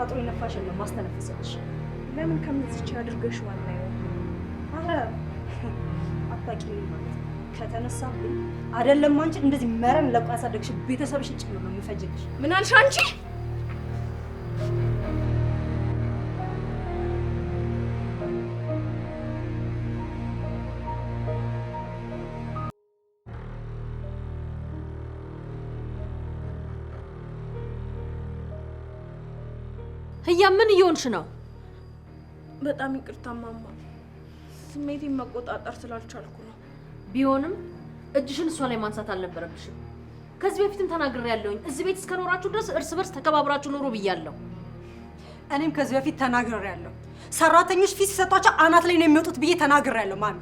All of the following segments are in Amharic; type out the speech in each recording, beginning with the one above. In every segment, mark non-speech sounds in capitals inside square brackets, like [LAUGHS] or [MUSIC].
ተፈጥሮ የነፋሽን ነው ማስተነፈሰልሽ። ለምን ከምንዝች አድርገሽ ዋና አረ አታቂ ማለት ከተነሳብኝ አይደለም አንቺን እንደዚህ መረን ለቆ ያሳደግሽ ቤተሰብሽ ጭምር ነው የሚፈጅልሽ። ምን አልሽ አንቺ? አህያ ምን እየሆንሽ ነው? በጣም ይቅርታ ማማ፣ ስሜቴን መቆጣጠር ስላልቻልኩ ነው። ቢሆንም እጅሽን እሷ ላይ ማንሳት አልነበረብሽም። ከዚህ በፊትም ያለውኝ እዚህ ቤት እስከኖራችሁ ድረስ እርስ በርስ ተከባብራችሁ ኑሩ ብያለሁ። እኔም ከዚህ በፊት ተናግሬያለሁ። ሰራተኞች ፊት ሲሰጧቸው አናት ላይ ነው የሚወጡት ብዬ ተናግሬያለሁ። ማሚ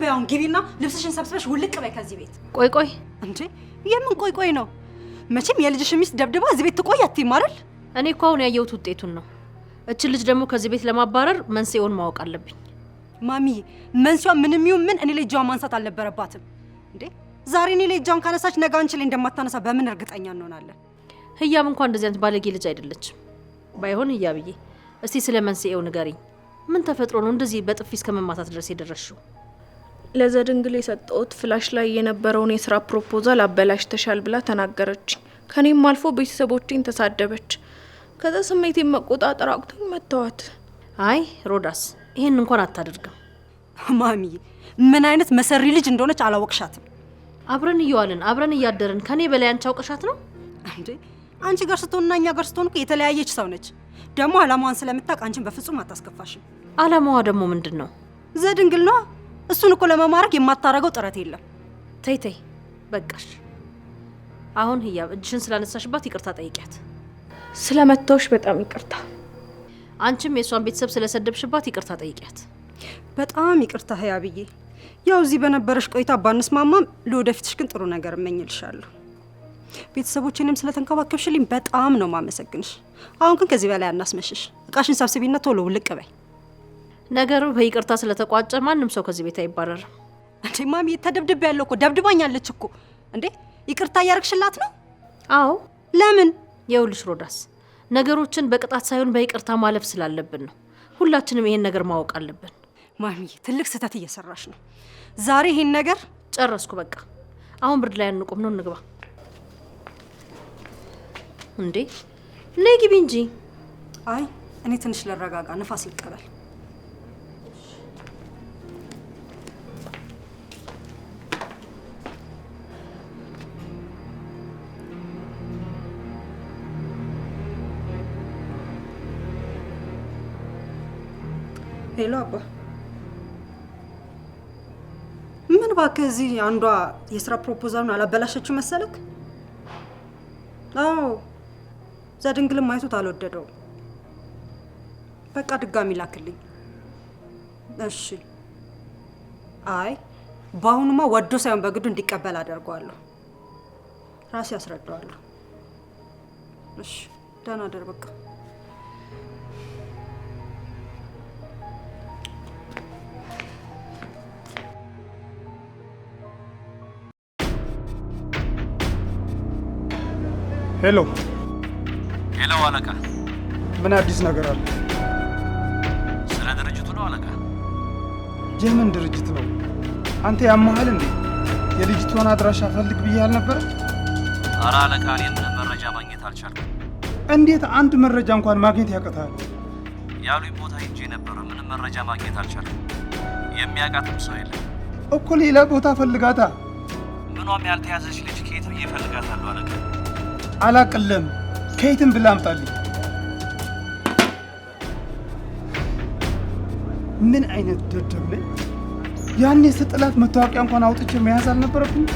በያውን ግቢና ልብስሽን ሰብስበሽ ውልቅ በይ ከዚህ ቤት። ቆይ ቆይ፣ የምን ቆይ ቆይ ነው? መቼም የልጅሽ ሚስት ደብድባ እዚህ ቤት ትቆይ አትይም አይደል? እኔ እኮ አሁን ያየሁት ውጤቱን ነው። እችን ልጅ ደግሞ ከዚህ ቤት ለማባረር መንስኤውን ማወቅ አለብኝ። ማሚ፣ መንስኤዋ ምንም ይሁን ምን እኔ ላይ እጇን ማንሳት አልነበረባትም እንዴ። ዛሬ እኔ ላይ እጇን ካነሳች ነገ አንቺ ላይ እንደማታነሳ በምን እርግጠኛ እንሆናለን? ህያብ እንኳ እንደዚህ አይነት ባለጌ ልጅ አይደለችም። ባይሆን ህያብዬ፣ እስቲ ስለ መንስኤው ንገሪኝ። ምን ተፈጥሮ ነው እንደዚህ በጥፊ እስከ መማታት ድረስ የደረስሽው? ለዘድንግል የሰጠሁት ፍላሽ ላይ የነበረውን የስራ ፕሮፖዛል አበላሽተሻል ብላ ተናገረች። ከኔም አልፎ ቤተሰቦቼን ተሳደበች። ከዛ ስሜቴን መቆጣጠር አቅቶኝ መተዋት። አይ ሮዳስ ይሄን እንኳን አታደርግም። ማሚዬ ምን አይነት መሰሪ ልጅ እንደሆነች አላወቅሻትም። አብረን እየዋልን አብረን እያደርን ከኔ በላይ አንቺ አውቀሻት ነው እንዴ? አንቺ ጋር ስትሆንና እኛ ጋር ስትሆን እኮ የተለያየች ሰው ነች። ደግሞ አላማዋን ስለምታውቅ አንቺን በፍጹም አታስከፋሽም። አላማዋ ደግሞ ምንድን ነው? ዘድንግል ነዋ። እሱን እኮ ለመማረክ የማታረገው ጥረት የለም። ተይ ተይ፣ በቃሽ። አሁን ህያብ እጅሽን ስላነሳሽባት ይቅርታ ጠይቂያት። ስለመታውሽ በጣም ይቅርታ። አንቺም የእሷን ቤተሰብ ስለሰደብሽባት ይቅርታ ጠይቂያት። በጣም ይቅርታ ብዬ። ያው እዚህ በነበረሽ ቆይታ ባንስማማም ለወደፊትሽ ግን ጥሩ ነገር እመኝልሻለሁ። ቤተሰቦችንም ስለተንከባከብሽልኝ በጣም ነው ማመሰግንሽ። አሁን ግን ከዚህ በላይ አናስመሽሽ። እቃሽን ሰብስቢና ቶሎ ውልቅ በይ። ነገሩ በይቅርታ ስለተቋጨ ማንም ሰው ከዚህ ቤት አይባረርም። እንዴ ማሚ ተደብድብ ያለው እኮ ደብድባኛለች እኮ። እንዴ ይቅርታ እያረግሽላት ነው? አዎ። ለምን? የውልሽ ሮዳስ ነገሮችን በቅጣት ሳይሆን በይቅርታ ማለፍ ስላለብን ነው። ሁላችንም ይሄን ነገር ማወቅ አለብን። ማሚዬ ትልቅ ስህተት እየሰራሽ ነው። ዛሬ ይሄን ነገር ጨረስኩ። በቃ አሁን ብርድ ላይ አንቆም ነው፣ እንግባ። እንዴ ነይ ግቢ እንጂ። አይ እኔ ትንሽ ልረጋጋ፣ ንፋስ ልቀበል። ሄሎ አባ፣ ምን እባክህ፣ እዚህ አንዷ የስራ ፕሮፖዛሉን አላበላሸችው መሰለክ? አዎ፣ ዘድንግልን ማየቱት አልወደደውም። በቃ ድጋሚ ላክልኝ። እሺ። አይ በአሁኑማ ወዶ ሳይሆን በግዱ እንዲቀበል አደርገዋለሁ። ራሴ አስረዳዋለሁ። እሺ፣ ደህና አደር በቃ ሄሎ ሄሎ፣ አለቃ ምን አዲስ ነገር አለ? ስለ ድርጅቱ ነው አለቃ። የምን ድርጅት ነው? አንተ ያመሃል እንዴ? የልጅቷን አድራሻ ፈልግ ብዬ አልነበረ? ኧረ አለቃ፣ እኔ ምንም መረጃ ማግኘት አልቻልኩም። እንዴት አንድ መረጃ እንኳን ማግኘት ያቀታል? ያሉኝ ቦታ ሄጄ ነበረ፣ ምንም መረጃ ማግኘት አልቻልኩም። የሚያውቃትም ሰው የለም እኮ። ሌላ ቦታ ፈልጋታ። ምኗም ያልተያዘች ልጅ ከየት ብዬ እፈልጋታለሁ አለቃ? አላቀለም ከየትም ብላ አምጣልኝ። ምን አይነት ደደብ ያኔ ስጥላት መታወቂያ እንኳን አውጥቼ መያዝ አልነበረብኝ።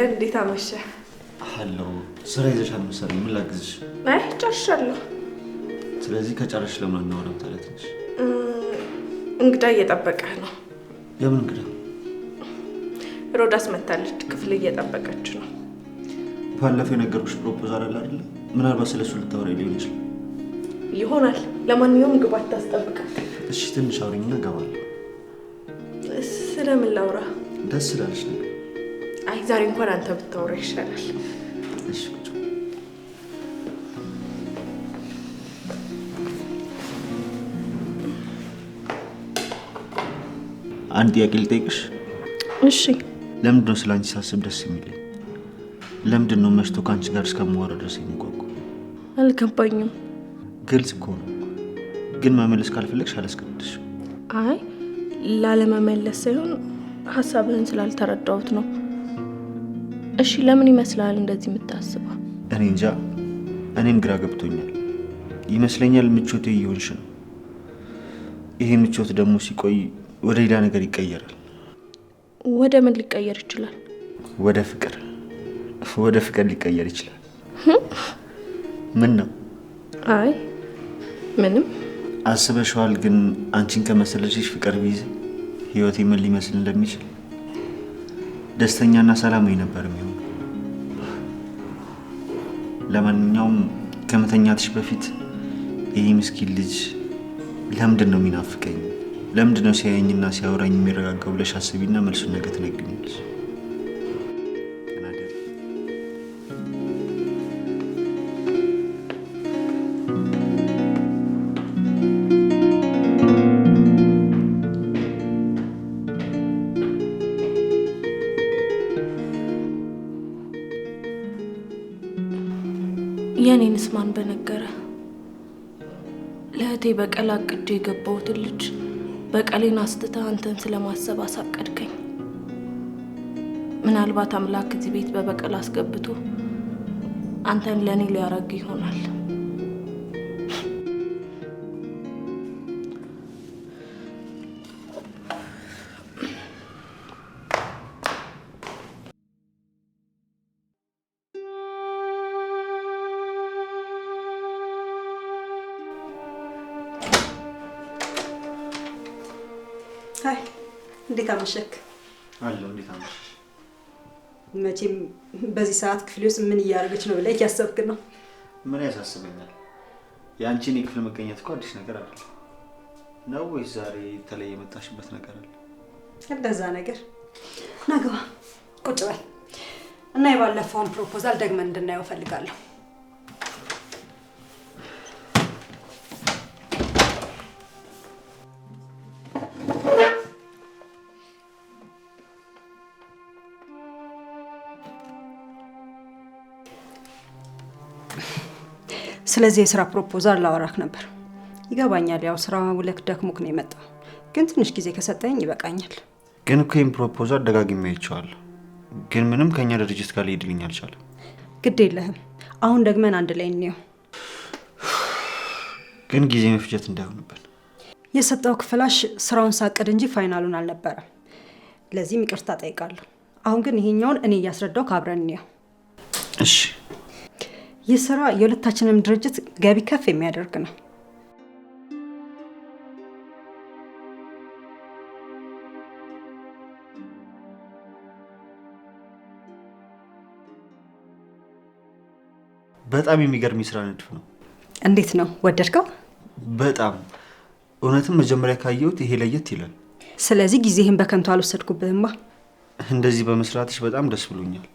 ብለን እንዴት አመሸ አለው። ስራ ይዘሻል መሰለኝ። ምን ላግዝሽ? አይ ጨርሻለሁ። ስለዚህ ከጨረሽ ለምን አናወራም ታዲያ? ትንሽ እንግዳ እየጠበቀ ነው። የምን እንግዳ? ሮዳስ መታለች። ክፍል እየጠበቀች ነው። ባለፈው የነገርኩሽ ፕሮፖዛል አለ አይደለ? ምናልባት ስለሱ ልታወራ ሊሆን ይችላል ይሆናል። ለማንኛውም ግባት ታስጠብቃል። እሺ ትንሽ አውሪኝና እገባለሁ። ስለምን ላውራ? ደስ ስላለሽ ነው ዛሬ እንኳን አንተ ብታወራ ይሻላል። አንድ ጥያቄ ልጠይቅሽ። እሺ። ለምንድን ነው ስለ አንቺ ሳስብ ደስ የሚለኝ? ለምንድን ነው መሽቶ ከአንቺ ጋር እስከማወራ ድረስ የሚጓጓ? አልገባኝም። ግልጽ እኮ ነው፣ ግን መመለስ ካልፈለግሽ አላስገድድሽም። አይ ላለመመለስ ሳይሆን ሀሳብህን ስላልተረዳሁት ነው። እሺ ለምን ይመስላል እንደዚህ የምታስበው? እኔ እንጃ፣ እኔም ግራ ገብቶኛል። ይመስለኛል ምቾቴ እየሆንሽ ነው። ይሄ ምቾት ደግሞ ሲቆይ ወደ ሌላ ነገር ይቀየራል። ወደ ምን ሊቀየር ይችላል? ወደ ፍቅር፣ ወደ ፍቅር ሊቀየር ይችላል። ምን ነው? አይ ምንም። አስበሽዋል? ግን አንቺን ከመሰለችሽ ፍቅር ቢይዝ ህይወቴ ምን ሊመስል እንደሚችል ደስተኛና ሰላማዊ ነበር የሚሆን ለማንኛውም ከመተኛትሽ በፊት ይህ ምስኪን ልጅ ለምንድን ነው የሚናፍቀኝ፣ ለምንድን ነው ሲያየኝና ሲያወራኝ የሚረጋጋው ብለሽ አስቢና መልሱን ነገ ትነግሪኛለሽ። የእኔንስ ማን በነገረ? ለእህቴ በቀል አቅጄ የገባሁትን ልጅ በቀሌን አስትታ አንተን ስለማሰብ አሳቀድከኝ። ምናልባት አምላክ እዚህ ቤት በበቀል አስገብቶ አንተን ለእኔ ሊያረግ ይሆናል። አመሸክ? አለሁ። እንዴት አመሸሽ? መቼም በዚህ ሰዓት ክፍሌ ውስጥ ምን እያደረገች ነው ብለህ እያሰብክ ነው? ምን ያሳስበኛል? የአንቺን የክፍል መገኘት እኮ አዲስ ነገር አለ ነው ወይስ ዛሬ የተለየ የመጣሽበት ነገር አለ? እንደዛ ነገር ናግባ ቁጭ በል እና የባለፈውን ፕሮፖዛል ደግመን እንድናየው እፈልጋለሁ። ስለዚህ የስራ ፕሮፖዛል ላወራክ ነበር። ይገባኛል፣ ያው ስራ ውለክ ደክሞክ ነው የመጣው፣ ግን ትንሽ ጊዜ ከሰጠኝ ይበቃኛል። ግን እኮ ይህን ፕሮፖዛል ደጋግሜ አይቼዋለሁ፣ ግን ምንም ከእኛ ድርጅት ጋር ሊሄድልኝ አልቻለም። ግድ የለህም፣ አሁን ደግመን አንድ ላይ እንየው። ግን ጊዜ መፍጀት እንዳይሆንብን። የሰጠው ክፍላሽ ስራውን ሳቅድ እንጂ ፋይናሉን አልነበረም። ለዚህም ይቅርታ ጠይቃለሁ። አሁን ግን ይሄኛውን እኔ እያስረዳው ካብረን እንየው። እሺ ይህ ስራ የሁለታችንም ድርጅት ገቢ ከፍ የሚያደርግ ነው። በጣም የሚገርም የስራ ንድፍ ነው። እንዴት ነው ወደድከው? በጣም እውነትም፣ መጀመሪያ ካየሁት ይሄ ለየት ይላል። ስለዚህ ጊዜህን በከንቱ አልወሰድኩብህማ። እንደዚህ በመስራትሽ በጣም ደስ ብሎኛል።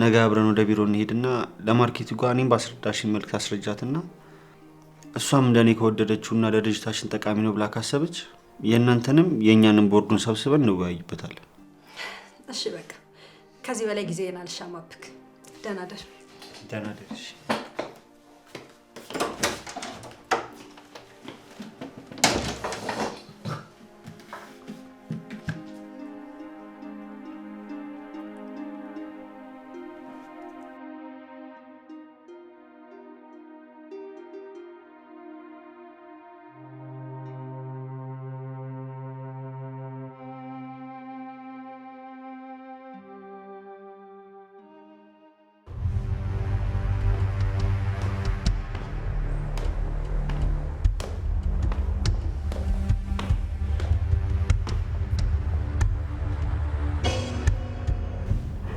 ነገ አብረን ወደ ቢሮ እንሄድና ለማርኬቲንጓ እኔም በአስረዳሽን መልክ አስረጃትና እሷም እንደኔ ከወደደችውና ለድርጅታችን ጠቃሚ ነው ብላ ካሰበች የእናንተንም የእኛንም ቦርዱን ሰብስበን እንወያይበታለን። እሺ በቃ ከዚህ በላይ ጊዜ ናልሻማብክ ደህና ደር ደህና ደር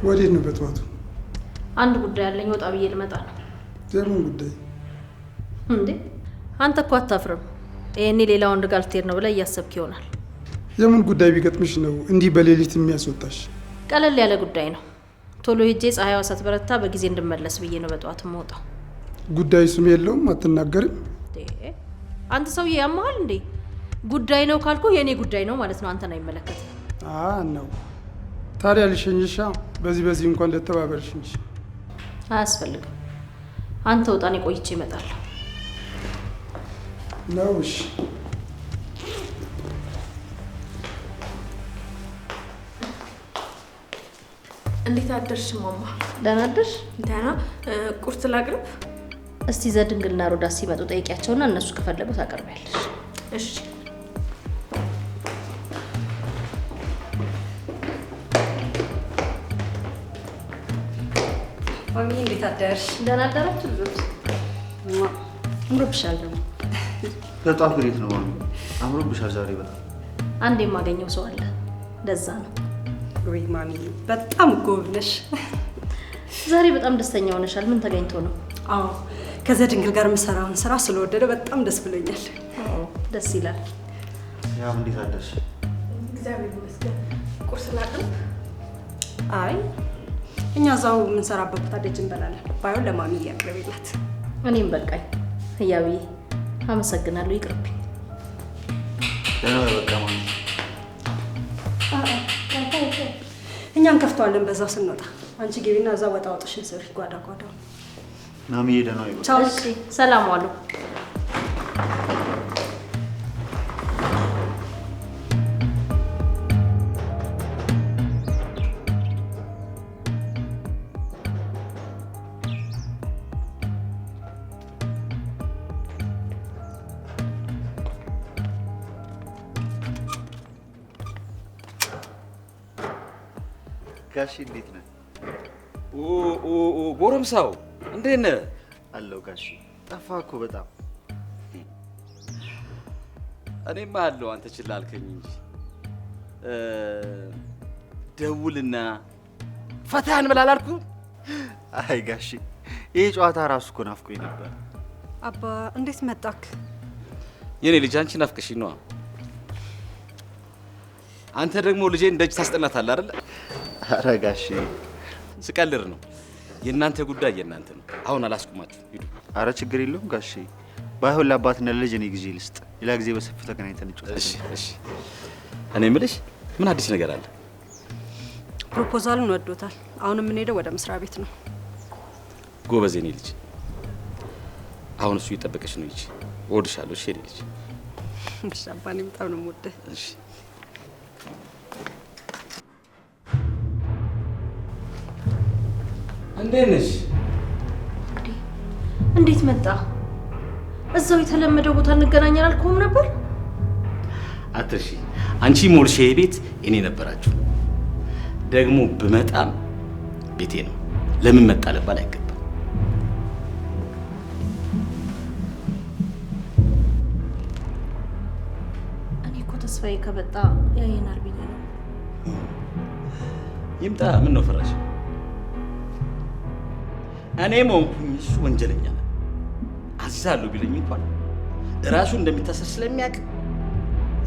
ወዴት ነው በጠዋቱ? አንድ ጉዳይ አለኝ፣ ወጣ ብዬ ልመጣ ነው። የምን ጉዳይ እንዴ? አንተ እኮ አታፍርም። ይሄኔ ሌላ ወንድ ጋር ልትሄድ ነው ብለህ እያሰብክ ይሆናል። የምን ጉዳይ ቢገጥምሽ ነው እንዲህ በሌሊት የሚያስወጣሽ? ቀለል ያለ ጉዳይ ነው። ቶሎ ሄጄ ዋሳት በረታ በጊዜ እንድመለስ ብዬ ነው በጠዋት የምወጣው። ጉዳይ ስም የለውም አትናገርም? አንተ ሰውዬ ያመሃል እንዴ? ጉዳይ ነው ካልኩ የእኔ ጉዳይ ነው ማለት ነው። አንተን አይመለከትም ነው። ታዲያ ልሸኝሻ በዚህ በዚህ እንኳን እንደተባበርሽ እንጂ አያስፈልግም። አንተ ወጣኔ ቆይቼ እመጣለሁ። ነው እሺ። እንዴት አደርሽ ማማ? ደህና አደርሽ? ደህና። ቁርስ ላቅርብ? እስቲ ዘድንግልና ሮዳስ ሲመጡ ጠይቂያቸውና እነሱ ከፈለጉት ታቀርቢያለሽ። እሺ ማሚ እንዴት አደርሽ? ደህና አደራችሁ ልጆች? አምሮብሻል። ደግሞ በጣም ግሬት ነው ማሚ፣ አምሮብሻል ዛሬ በጣም አንድ የማገኘው ሰው አለ፣ ለዛ ነው። ግሬት ማሚ፣ በጣም ጎብ ነሽ። ዛሬ በጣም ደስተኛ ሆነሻል። ምን ተገኝቶ ነው? አዎ ከዚያ ድንግል ጋር የምሰራውን ስራ ስለወደደ በጣም ደስ ብሎኛል። ደስ ይላል። እንዴት አደርሽ? እግዚአብሔር ይመስገን። ቁርስ አይ እኛ እዛው የምንሰራበት ቦታ ደጅ እንበላለን። ባይሆን ለማሚ እያቅርብላት። እኔም በቃኝ። ህያዊ አመሰግናለሁ። ይቅርብኝ። እኛም ከፍተዋለን። በዛው ስንወጣ አንቺ ግቢና እዛ ወጣ ወጥሽን ስሪ ጓዳ ጓዳ። ናሚ ሄደ ነው። ሰላም ዋሉ። ጋሺ እንዴት ነህ? ጎረምሳው እንዴት ነህ? አለው ጋሺ። ጠፋ እኮ በጣም። እኔማ አለው አንተ ችላ አልከኝ እንጂ ደውልና ፈታ እንበል አላልኩም? አይ ጋሺ፣ ይሄ ጨዋታ ራሱ እኮ ናፍቆኝ ነበር። አባ እንዴት መጣክ? የኔ ልጅ አንቺ ናፍቀሽኝ ነዋ። አንተ ደግሞ ልጄን ደጅ ታስጠናታለህ አይደል? ኧረ ጋሼ ስቀልር ነው። የእናንተ ጉዳይ የእናንተ ነው። አሁን አላስቁማችሁ ሂዱ። አረ ችግር የለውም ጋሼ። ባይሆን ለአባትና ልጅ እኔ ጊዜ ልስጥ፣ ሌላ ጊዜ በሰፊ ተገናኝተን እንጫወታለን። እሺ እኔ የምልሽ ምን አዲስ ነገር አለ? ፕሮፖዛሉን ወዶታል። አሁን የምንሄደው ወደ መስሪያ ቤት ነው። ጎበዝ የኔ ልጅ። አሁን እሱ እየጠበቀች ነው። ይቺ እወድሻለሁ። እሺ የኔ ልጅ። እሺ አባ፣ በጣም ነው የምወደው። እሺ እንዴት ነሽ? እንዴት መጣ? እዛው የተለመደው ቦታ እንገናኝ አላልኩም ነበር? አትርሺ። አንቺ ሞልሼ ቤት እኔ ነበራችሁ። ደግሞ ብመጣም ቤቴ ነው። ለምን መጣ ልባል አይገባም። እኮ ተስፋዬ ከመጣ ያየናል ብዬ ነው። ይምጣ። ምን ነው ፈራሽ? እኔ መሆንኩኝ እሱ ወንጀለኛ አዝዛለሁ ቢለኝ እንኳን እራሱ እንደሚታሰር ስለሚያውቅ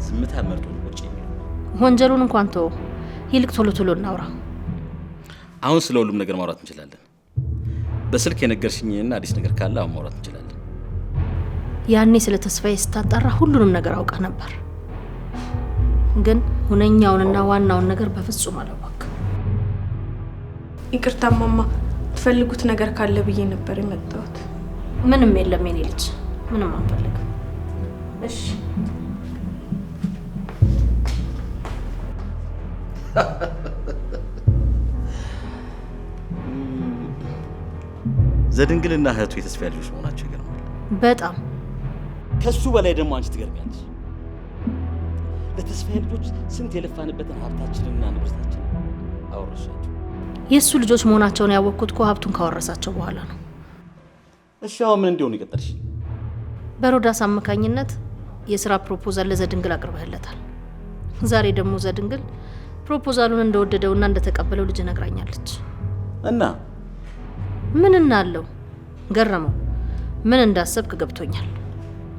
ዝምታ መርጦ ቁጭ ወንጀሉን እንኳን ተወ። ይልቅ ቶሎ ቶሎ እናውራ። አሁን ስለ ሁሉም ነገር ማውራት እንችላለን። በስልክ የነገርሽኝና አዲስ ነገር ካለ አሁን ማውራት እንችላለን። ያኔ ስለ ተስፋዬ ስታጣራ ሁሉንም ነገር አውቃ ነበር፣ ግን ሁነኛውንና ዋናውን ነገር በፍጹም አላወቅም። ይቅርታ ማማ የምትፈልጉት ነገር ካለ ብዬ ነበር የመጣሁት። ምንም የለም የኔ ልጅ፣ ምንም አንፈልግም። እሺ [LAUGHS] ዘድንግልና እህቱ የተስፋ ልጆች መሆናቸው ይገርማል። በጣም ከሱ በላይ ደግሞ አንቺ ትገርሚያለሽ። ለተስፋ ልጆች ስንት የለፋንበትን ሀብታችንና ንብረታችን አወረሻቸው። የእሱ ልጆች መሆናቸውን ያወቅኩት እኮ ሀብቱን ካወረሳቸው በኋላ ነው። እሺ አሁን ምን እንዲሆን ይቀጠልሽ? በሮዳስ አማካኝነት የስራ ፕሮፖዛል ለዘድንግል አቅርበህለታል። ዛሬ ደግሞ ዘድንግል ፕሮፖዛሉን እንደወደደውና እንደተቀበለው ልጅ ነግራኛለች። እና ምን እናለው ገረመው፣ ምን እንዳሰብክ ገብቶኛል።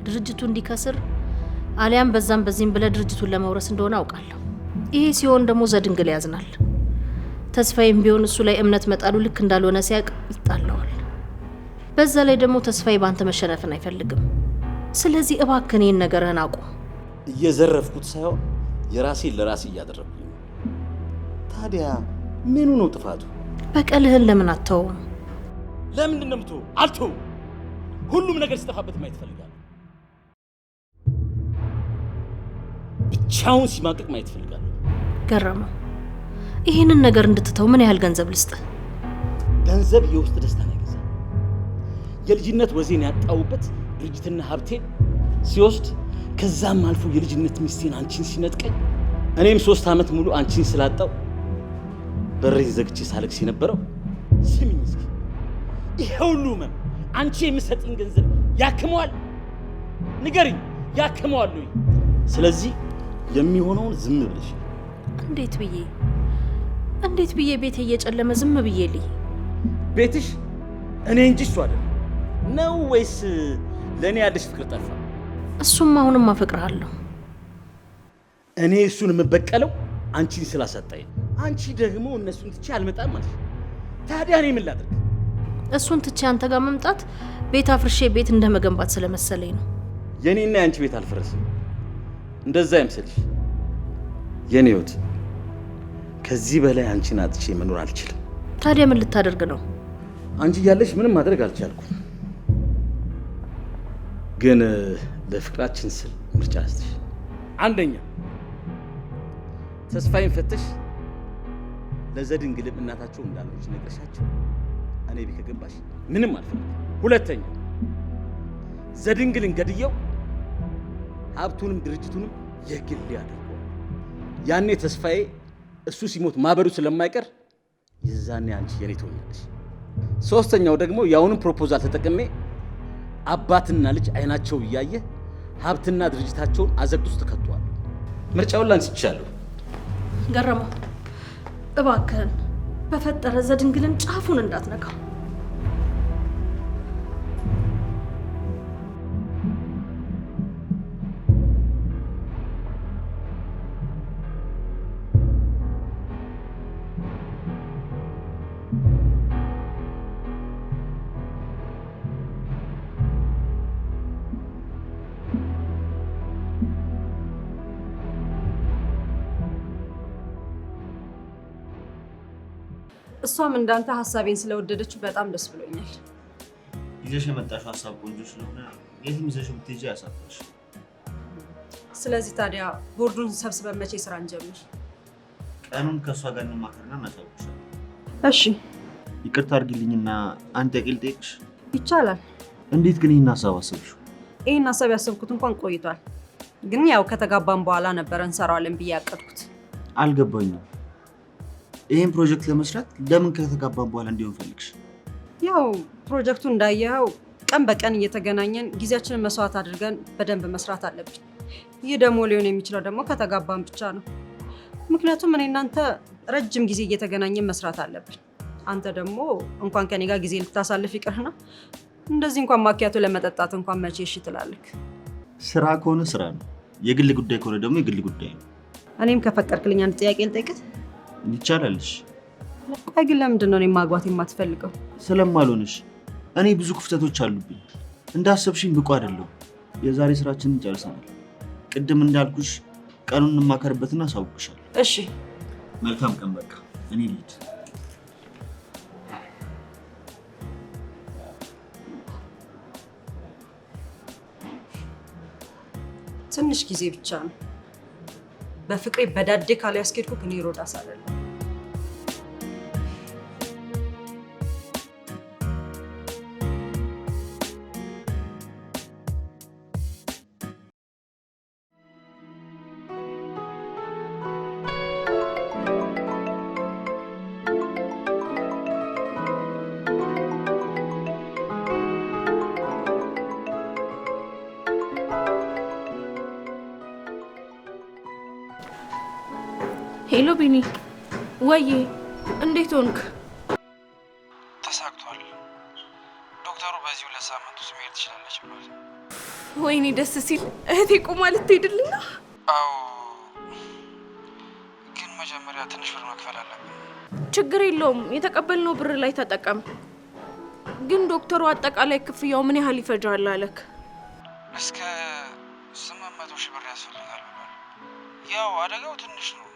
ድርጅቱ እንዲከስር አሊያም በዛም በዚህም ብለህ ድርጅቱን ለመውረስ እንደሆነ አውቃለሁ። ይሄ ሲሆን ደግሞ ዘድንግል ያዝናል። ተስፋዬም ቢሆን እሱ ላይ እምነት መጣሉ ልክ እንዳልሆነ ሲያውቅ ይጣለዋል። በዛ ላይ ደግሞ ተስፋዬ ባንተ መሸነፍን አይፈልግም። ስለዚህ እባክን እኔን ነገርህን አቁም። እየዘረፍኩት ሳይሆን የራሴን ለራሴ እያደረግኩኝ። ታዲያ ምኑ ነው ጥፋቱ? በቀልህን ለምን አተው? ለምንድን ነው የምትሆው? ሁሉም ነገር ሲጠፋበት ማየት ይፈልጋል። ብቻውን ሲማቅቅ ማየት ይፈልጋል። ገረመው ይህንን ነገር እንድትተው ምን ያህል ገንዘብ ልስጥ? ገንዘብ የውስጥ ነው ይገዛ። የልጅነት ወዜን ያጣውበት ድርጅትና ሀብቴን ሲወስድ ከዛም አልፎ የልጅነት ሚስቴን አንቺን ሲነጥቀኝ እኔም ሶስት ዓመት ሙሉ አንቺን ስላጣው በሬን ዘግቼ ሳለቅስ የነበረው ስሚኝ እስኪ ይሄ ሁሉ መም አንቺ የምሰጥኝ ገንዘብ ያክመዋል? ንገሪኝ፣ ያክመዋል ወይ? ስለዚህ የሚሆነውን ዝም ብለሽ እንዴት ብዬ እንዴት ብዬ ቤቴ እየጨለመ ዝም ብዬ ልይ? ቤትሽ እኔ እንጂ እሱ አይደለም ነው ወይስ ለእኔ ያለሽ ፍቅር ጠፋ? እሱም አሁንም አፈቅርሃለሁ። እኔ እሱን የምበቀለው አንቺን ስላሳጣኝ፣ አንቺ ደግሞ እነሱን ትቼ አልመጣም ማለት ታዲያ እኔ ምን ላድርግ? እሱን ትቼ አንተ ጋር መምጣት ቤት አፍርሼ ቤት እንደ መገንባት ስለመሰለኝ ነው። የእኔና የአንቺ ቤት አልፈረስም። እንደዛ ይምስልሽ የእኔ ይወት ከዚህ በላይ አንቺን አጥቼ መኖር አልችልም። ታዲያ ምን ልታደርግ ነው? አንቺ እያለሽ ምንም ማድረግ አልቻልኩም። ግን ለፍቅራችን ስል ምርጫ ስትሽ፣ አንደኛ ተስፋዬን ፈተሽ ለዘድን ግልም እናታቸው እንዳለች ነገርሻቸው። እኔ ቤት ከገባሽ ምንም አልፈልግም። ሁለተኛ ዘድንግልን ገድየው ሀብቱንም ድርጅቱንም የግል ያደርገዋል። ያኔ ተስፋዬ እሱ ሲሞት ማበዱ ስለማይቀር ይዛኔ አንቺ የኔ ትሆኛለሽ። ሶስተኛው ደግሞ የአሁኑን ፕሮፖዛል ተጠቅሜ አባትና ልጅ አይናቸው እያየ ሀብትና ድርጅታቸውን አዘግት ውስጥ ከቷል። ምርጫውን ላንስ ይቻለሁ። ገረመው እባክህን በፈጠረ ዘድንግልን ጫፉን እንዳትነካው። እሷም እንዳንተ ሀሳቤን ስለወደደች በጣም ደስ ብሎኛል። ይዘሽ የመጣሽው ሀሳብ ቆንጆ ስለሆነ የትም ይዘሽ ብትሄጂ ያሳፍርሽ። ስለዚህ ታዲያ ቦርዱን ሰብስበን መቼ ስራ እንጀምር? ቀኑን ከእሷ ጋር እንማከርና እናሳውቅሻለን። እሺ። ይቅርታ አድርጊልኝና አንድ ጥያቄ ልጠይቅሽ። ይቻላል? እንዴት ግን ይህን ሀሳብ አሰብሽው? ይህን ሀሳብ ያሰብኩት እንኳን ቆይቷል፣ ግን ያው ከተጋባን በኋላ ነበረ እንሰራዋለን ብዬ ያቀድኩት። አልገባኝም ይህን ፕሮጀክት ለመስራት ለምን ከተጋባ በኋላ እንዲሆን ፈልግሽ? ያው ፕሮጀክቱ እንዳየኸው ቀን በቀን እየተገናኘን ጊዜያችንን መስዋዕት አድርገን በደንብ መስራት አለብን። ይህ ደግሞ ሊሆን የሚችለው ደግሞ ከተጋባን ብቻ ነው። ምክንያቱም እኔ እናንተ ረጅም ጊዜ እየተገናኘን መስራት አለብን። አንተ ደግሞ እንኳን ከኔ ጋር ጊዜ ልታሳልፍ ይቅርና እንደዚህ እንኳን ማኪያቱ ለመጠጣት እንኳን መቼ እሺ ትላለህ? ስራ ከሆነ ስራ ነው፣ የግል ጉዳይ ከሆነ ደግሞ የግል ጉዳይ ነው። እኔም ከፈቀድክልኝ አንድ ጥያቄ ልጠይቅህ? ይቻላልሽ። ቆይ ግን ለምንድን ነው እኔ ማግባት የማትፈልገው? ስለማልሆንሽ። እኔ ብዙ ክፍተቶች አሉብኝ። እንዳሰብሽኝ ብቁ አይደለሁ። የዛሬ ስራችንን ጨርሰናል። ቅድም እንዳልኩሽ ቀኑን እንማከርበትና አሳውቅሻለሁ። እሺ፣ መልካም ቀን። በቃ እኔ ልሂድ። ትንሽ ጊዜ ብቻ ነው። በፍቅሬ በዳዴ ካልያስኬድኩ ግን ሮዳስ አይደለም። ሄሎ ቢኒ፣ ወይዬ እንዴት ሆንክ? ተሳክቷል። ዶክተሩ በዚህ ሁለት ሳምንት ውስጥ መሄድ ትችላለች ብሏል። ወይኔ ደስ ሲል። እህቴ ቁማ ልትሄድልና? አዎ፣ ግን መጀመሪያ ትንሽ ብር መክፈል አለብን። ችግር የለውም የተቀበልነው ብር ላይ ተጠቀም። ግን ዶክተሩ አጠቃላይ ክፍያው ምን ያህል ይፈጃል አለክ? እስከ ስምንት መቶ ሺህ ብር ያስፈልጋል ብሏል። ያው አደጋው ትንሽ ነው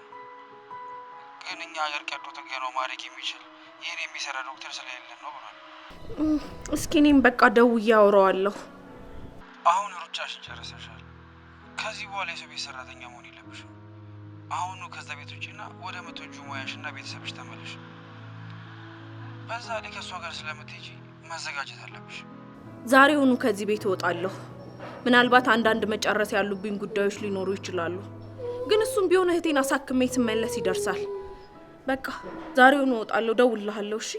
ግን እኛ ሀገር ቀዶ ጥገናው ማድረግ የሚችል ይህን የሚሰራ ዶክተር ስለሌለን ነው ብሏል። እስኪ እኔም በቃ ደውዬ አውራዋለሁ። አሁን ሩጫሽን ጨርሰሻል። ከዚህ በኋላ የሰው ቤት ሰራተኛ መሆን የለብሽም። አሁኑ ከዛ ቤት ውጭና ወደ መቶጁ ሙያሽና ቤተሰብሽ ተመለሽ። በዛ ላይ ከእሷ ጋር ስለምትሄጂ መዘጋጀት አለብሽ። ዛሬውኑ ከዚህ ቤት እወጣለሁ። ምናልባት አንዳንድ መጨረስ ያሉብኝ ጉዳዮች ሊኖሩ ይችላሉ፣ ግን እሱም ቢሆን እህቴን አሳክሜ ስመለስ ይደርሳል። በቃ ዛሬውኑ እወጣለሁ። ደውልልሃለሁ። እሺ።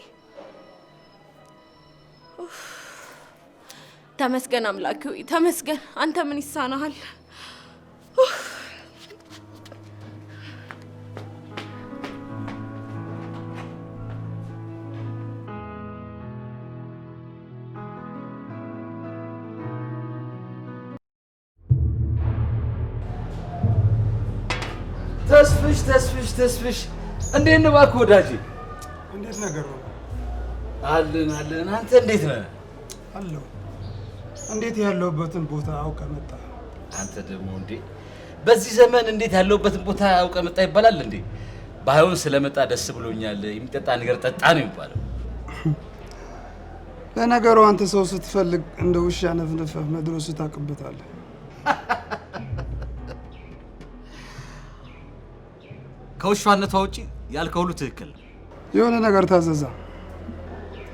ተመስገን አምላክ ሆይ ተመስገን። አንተ ምን ይሳናሃል? ተስፍሽ ተስፍሽ ተስፍሽ እንዴት ነው እባክህ ወዳጄ፣ እንዴት ነገር ነው? አለን አለን። አንተ እንዴት ነህ? አለሁ። እንዴት ያለሁበትን ቦታ አውቀህ አንተ ደግሞ እንዴ! በዚህ ዘመን እንዴት ያለሁበትን ቦታ አውቀህ ይባላል እንዴ? ባይሆን ስለመጣ ደስ ብሎኛል። የሚጠጣ ነገር ጠጣ ነው የሚባለው። ለነገሩ አንተ ሰው ስትፈልግ እንደ ውሻ ነፍንፈህ መድሮ ስታቅበታለህ። [LAUGHS] ከውሿነቷ ውጪ ያልከው ሁሉ ትክክል ነው። የሆነ ነገር ታዘዛ።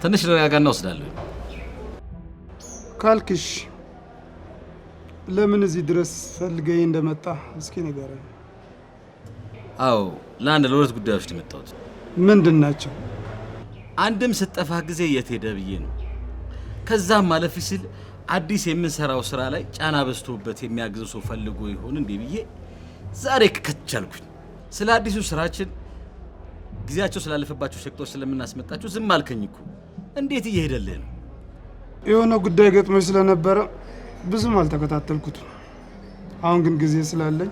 ትንሽ ልረጋጋና ወስዳለሁ ካልክሽ ለምን እዚህ ድረስ ፈልገኝ እንደመጣ እስኪ ንገረኝ። አዎ ለአንድ ለሁለት ጉዳዮች ነው የመጣሁት። ምንድን ናቸው? አንድም ስጠፋ ጊዜ የት ሄደ ብዬ ነው። ከዛም ማለፍ ሲል አዲስ የምንሰራው ስራ ላይ ጫና በዝቶበት የሚያግዝ ሰው ፈልጎ ይሆን እንዴ ብዬ ዛሬ ከቻልኩኝ ስለ አዲሱ ስራችን ጊዜያቸው ስላለፈባቸው ሸቅጦች ስለምናስመጣችሁ ዝም አልከኝ እኮ። እንዴት እየሄደልህ ነው? የሆነ ጉዳይ ገጥሞች ስለነበረ ብዙም አልተከታተልኩት። አሁን ግን ጊዜ ስላለኝ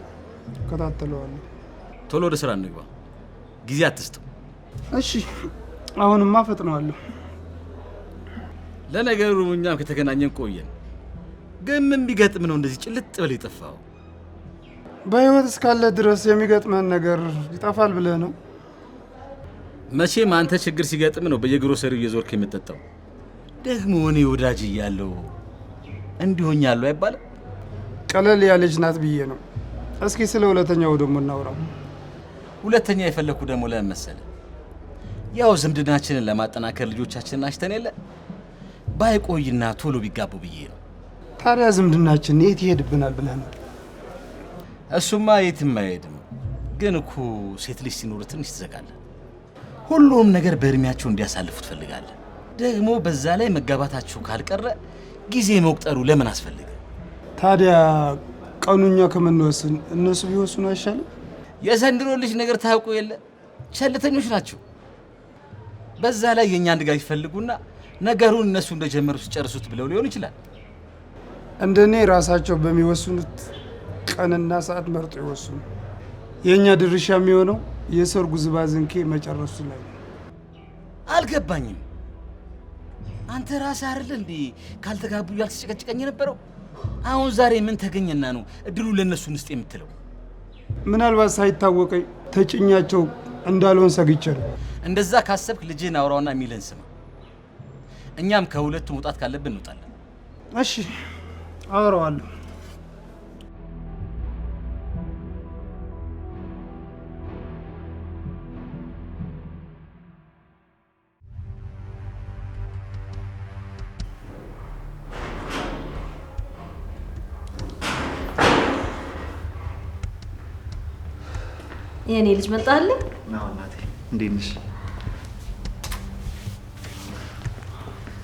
እከታተለዋለሁ። ቶሎ ወደ ስራ እንግባ፣ ጊዜ አትስጠው። እሺ፣ አሁንማ ፈጥነዋለሁ። ለነገሩ እኛም ከተገናኘን ቆየን። ግን ምን ቢገጥም ነው እንደዚህ ጭልጥ ብለህ የጠፋኸው? በህይወት እስካለ ድረስ የሚገጥመን ነገር ይጠፋል ብለህ ነው? መቼም አንተ ችግር ሲገጥም ነው በየግሮሰሪው እየዞርክ የምጠጣው። ደግሞ እኔ ወዳጅ እያለሁ እንዲሆኛለሁ አይባልም። ቀለል ያለች ናት ብዬ ነው። እስኪ ስለ ሁለተኛው ደግሞ እናውራው። ሁለተኛ የፈለግኩ ደግሞ ለምን መሰለ ያው ዝምድናችንን ለማጠናከር ልጆቻችንን አሽተን የለ ባይቆይና ቶሎ ቢጋቡ ብዬ ነው። ታዲያ ዝምድናችን የት ይሄድብናል ብለህ ነው? እሱማ የትም አይሄድም። ግን እኮ ሴት ልጅ ሲኖር ትንሽ ትዘጋለን። ሁሉም ነገር በእድሜያቸው እንዲያሳልፉ ትፈልጋለን። ደግሞ በዛ ላይ መጋባታችሁ ካልቀረ ጊዜ መቁጠሩ ለምን አስፈልገ? ታዲያ ቀኑኛ ከምንወስን እነሱ ቢወስኑ አይሻልም? የዘንድሮ ልጅ ነገር ታውቁ የለ ቸልተኞች ናቸው። በዛ ላይ የእኛ አንድ ጋር ይፈልጉና ነገሩን እነሱ እንደጀመሩ ሲጨርሱት ብለው ሊሆን ይችላል። እንደኔ ራሳቸው በሚወስኑት ቀንና ሰዓት መርጦ ይወስኑ። የእኛ ድርሻ የሚሆነው የሰርጉ ዝባዝንኬ መጨረሱ ላይ ነው። አልገባኝም። አንተ ራስህ አይደል እንዴ ካልተጋቡ ያልተጨቀጨቀኝ የነበረው? አሁን ዛሬ ምን ተገኘና ነው እድሉ ለእነሱን ውስጥ የምትለው? ምናልባት ሳይታወቀኝ ተጭኛቸው እንዳልሆን ሰግቼ ነው። እንደዛ ካሰብክ ልጅህን አውራውና የሚለን ስማ። እኛም ከሁለቱ መውጣት ካለብን እንውጣለን። እሺ አውራዋለሁ። እኔ ልጅ መጣለ እንዴት ነሽ?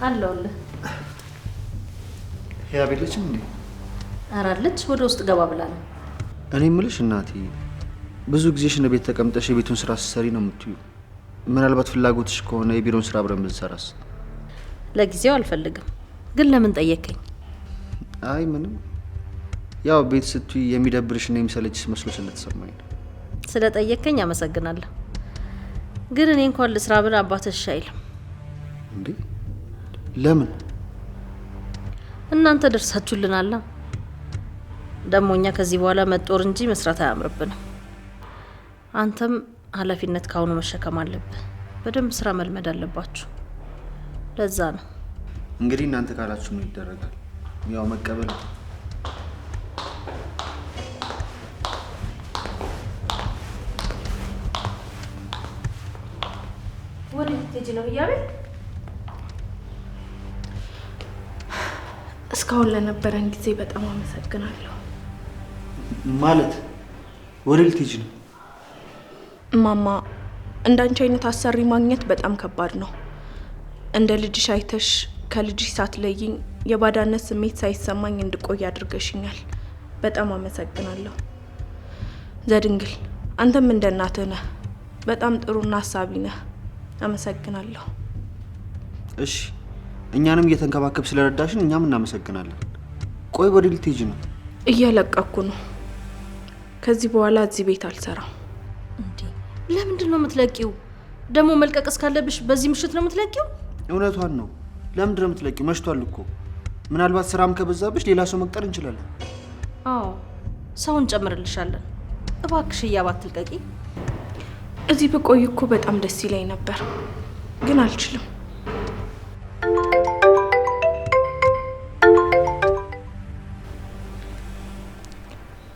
አለሁልህ። ህያብ የለችም እንዴ? ኧረ አለች። ወደ ውስጥ ገባ ብላ ነው። እኔ ምልሽ እናቴ፣ ብዙ ጊዜ ሽነ ቤት ተቀምጠሽ የቤቱን ስራ ስትሰሪ ነው የምትዩ። ምናልባት ፍላጎትሽ ከሆነ የቢሮውን ስራ አብረን ብንሰራስ? ለጊዜው አልፈልግም። ግን ለምን ጠየከኝ? አይ ምንም፣ ያው ቤት ስትይ የሚደብርሽ እና የሚሰለችሽ መስሎ ስለተሰማኝ ነው። ስለጠየከኝ አመሰግናለሁ። ግን እኔ እንኳን ልስራ ብል አባትሽ አይልም። እንዴ ለምን? እናንተ ደርሳችሁልናላ። ደግሞ እኛ ከዚህ በኋላ መጦር እንጂ መስራት አያምርብንም። አንተም ኃላፊነት ካሁኑ መሸከም አለብህ። በደንብ ስራ መልመድ አለባችሁ። ለዛ ነው እንግዲህ እናንተ ካላችሁ ምን ይደረጋል? ያው መቀበል ልትሄጂ ነው እስካሁን ለነበረን ጊዜ በጣም አመሰግናለሁ። ማለት ወደ ልትሄጂ ነው? እማማ እንዳንቺ አይነት አሰሪ ማግኘት በጣም ከባድ ነው። እንደ ልጅሽ አይተሽ ከልጅሽ ሳትለይኝ የባዳነት ስሜት ሳይሰማኝ እንድቆይ አድርገሽኛል። በጣም አመሰግናለሁ። ዘድንግል አንተም እንደ እናትህ ነህ። በጣም ጥሩና አሳቢ ነህ። አመሰግናለሁ። እሺ፣ እኛንም እየተንከባከብ ስለረዳሽን እኛም እናመሰግናለን። ቆይ ወደ ልትሄጂ ነው? እየለቀኩ ነው። ከዚህ በኋላ እዚህ ቤት አልሰራም። እንዴ ለምንድን ነው የምትለቂው? ደግሞ መልቀቅ እስካለብሽ በዚህ ምሽት ነው የምትለቂው? እውነቷን ነው። ለምንድን ነው የምትለቂው? መሽቷል እኮ። ምናልባት ስራም ከበዛብሽ ሌላ ሰው መቅጠር እንችላለን። አዎ ሰው እንጨምርልሻለን። እባክሽ እያባት ትልቀቂ እዚህ ብቆይ እኮ በጣም ደስ ይለኝ ነበር፣ ግን አልችልም።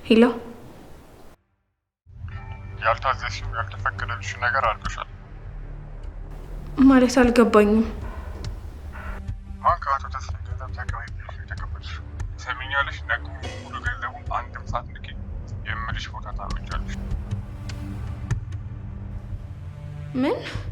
ሄሎ። ያልታዘሽም ያልተፈቀደልሽ ነገር አድርገሻል። ማለት አልገባኝም። ማን ከአቶ ተስፋዬ ገንዘብ ተቀበይ ብለሽ ሰሚኛለሽ? ነገሩ ሙሉ ገንዘቡን አንድም ሳትንኪ የምልሽ ቦታ ታመጫለሽ። मैं